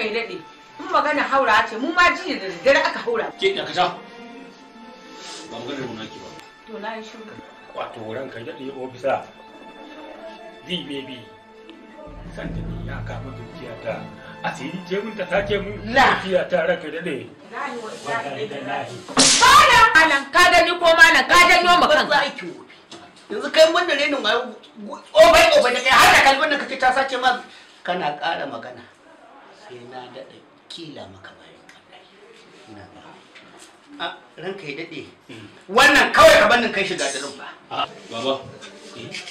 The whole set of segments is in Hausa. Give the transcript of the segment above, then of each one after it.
ranka yi daɗe in magana haura ce mu ma jiya da daddare aka haura ke da ka sha ba ba to na yi shuru wato ranka ka daɗe ofisa san da ni ya kama dukiya ta asiri ce mun ta sace mun dukiya ta ranka daɗe ka gani ko malam ka janyo ma kanka. Yanzu kai da kai har da kalbin da kake ta sace ma kana ƙara magana. sai na daɗa kila maka bayan kallai ba a ranka ya daɗe hmm. wannan kawai ka bannin kai shiga da rumfa ah, baba eh?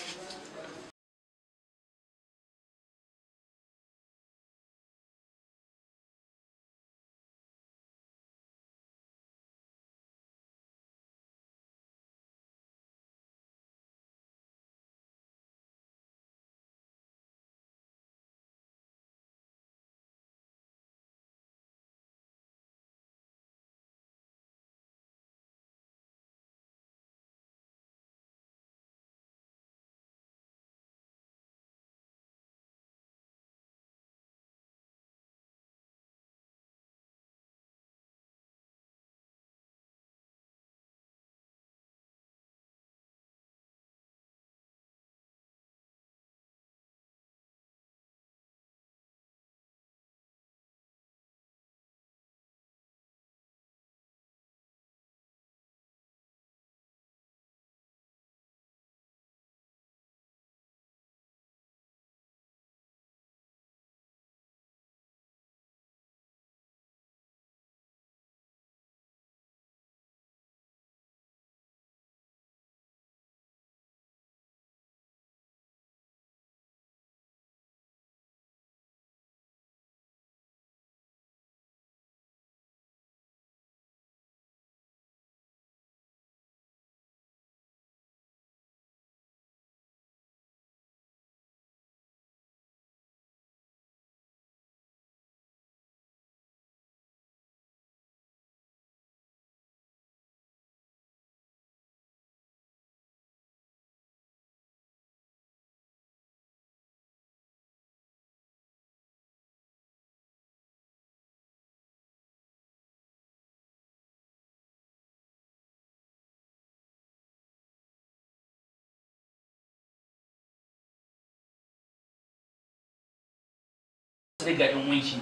sai ga yan wanshi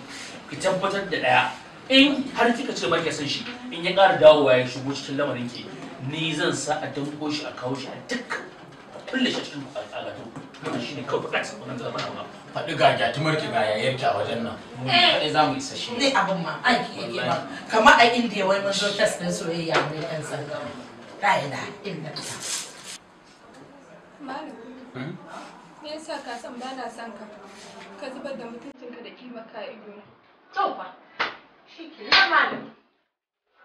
ka tabbatar da ɗaya in har kika ce ba ki san shi in ya ƙara dawowa ya shigo cikin lamarin ki ni zan sa a danko shi a kawo shi a duk kulle shi cikin al'adu wannan shine kawai faɗa sa wannan zama na faɗi ga gyatumar ki ga yayar ki a wajen nan mun faɗi za mu isa shi ne abin ma an aiki yi ba kamar a indiya wani mun zo test soyayya mai ɗan sanda ra'ina inda ta malam hmm? Me yasa ka san ba na son ka? Ka zubar da mutuncinka da kima ka ido. Kyau ba Shi ke na malam.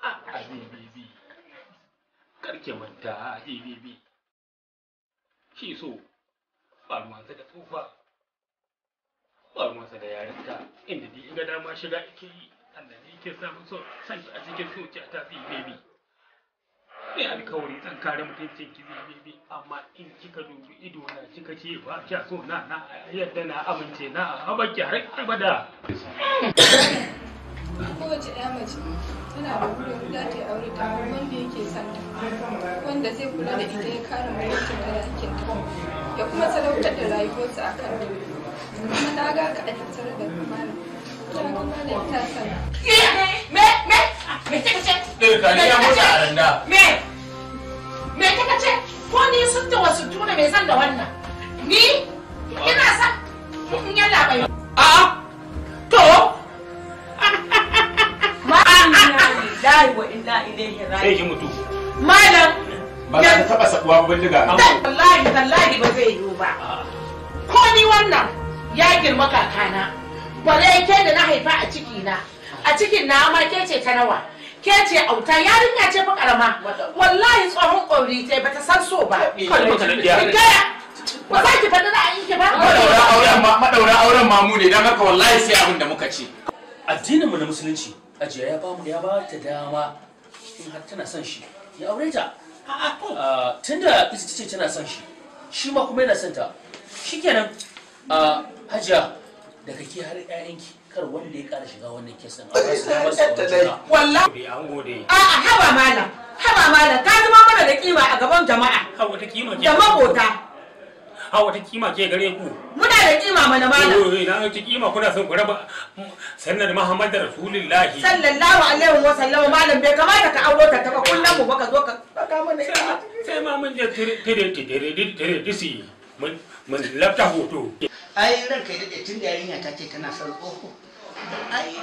A bibi. Karke manta a e, bibi. Shi so ba ruwansa da tsufa. Ba ruwansa da yarinta inda dai ga dama shiga ake yi. Allah ne yake samun son santa a cikin zuciya ta bibi. mai alkawari zan kare mutuncin ki bibi amma in kika dubi ido na kika ce ba kya so na na yadda na amince na a haɓar ki har abada. kowace ɗaya mace tana da burin za ta yi aure ta wanda yake son ta wanda zai kula da ita ya kare mutuncin ta da hakkin ta ya kuma salautar da rayuwarsa a kan ta kuma na ga ka a tattare da kamala ta kamala ta sana. Me me me me ce ce. Me ka ne ya kika ce ko ni sun ta wasu tuna mai zan da wannan ni ina san in yi labai a to sai ki mutu malam ba za ta taba sakuwa ba diga wallahi tallahi ba zai yiwu ba ko ni wannan ya girma kakana bare ke da na haifa a ciki na a cikin na ma ke ce ta nawa ke ce auta yarinya ce fa karama wallahi tsohon ƙwauri ta bata san so ba gaya ba za ki faɗi ra'ayin ki ba madaura auren madaura auren mamu ne dan haka wallahi sai abin da muka ce addinin mu na musulunci ajiya ya ba mu ya ba ta dama in har tana son shi ya aure ta tunda ita ce tana son shi shi ma kuma yana son ta shikenan hajiya daga ke har 'ya'yanki kar wanda ya kara shiga wannan kesin a wasu da masu wallahi an haba malam haba malam ta zama mana da kima a gaban jama'a wata kima ke da makota wata kima ke gare ku muna da kima mana malam yo na wata kima kuna son ku raba sannan Muhammad Rasulullahi sallallahu alaihi wa sallam malam bai kamata ka aure ta ka kullum mu baka zo ka baka mana sai ma mun je tire tire tire tire mun mun hoto ai ranka da tun da yarinya ta ce tana son tsoho ai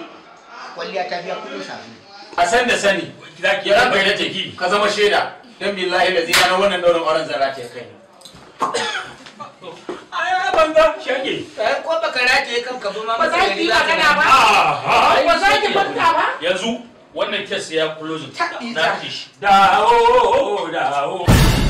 kwalliya ta biya kudin safi a san da sani za ki yaran bai nace ki ka zama shaida dan billahi da zina wannan daurin auren zara ta kai ai banza shege eh, ko baka kan ka ba ma ba za ki kana ba ah, ah, ah, ba za ki banta ba yanzu wannan kes ya close na kishi dawo oh, oh, oh, dawo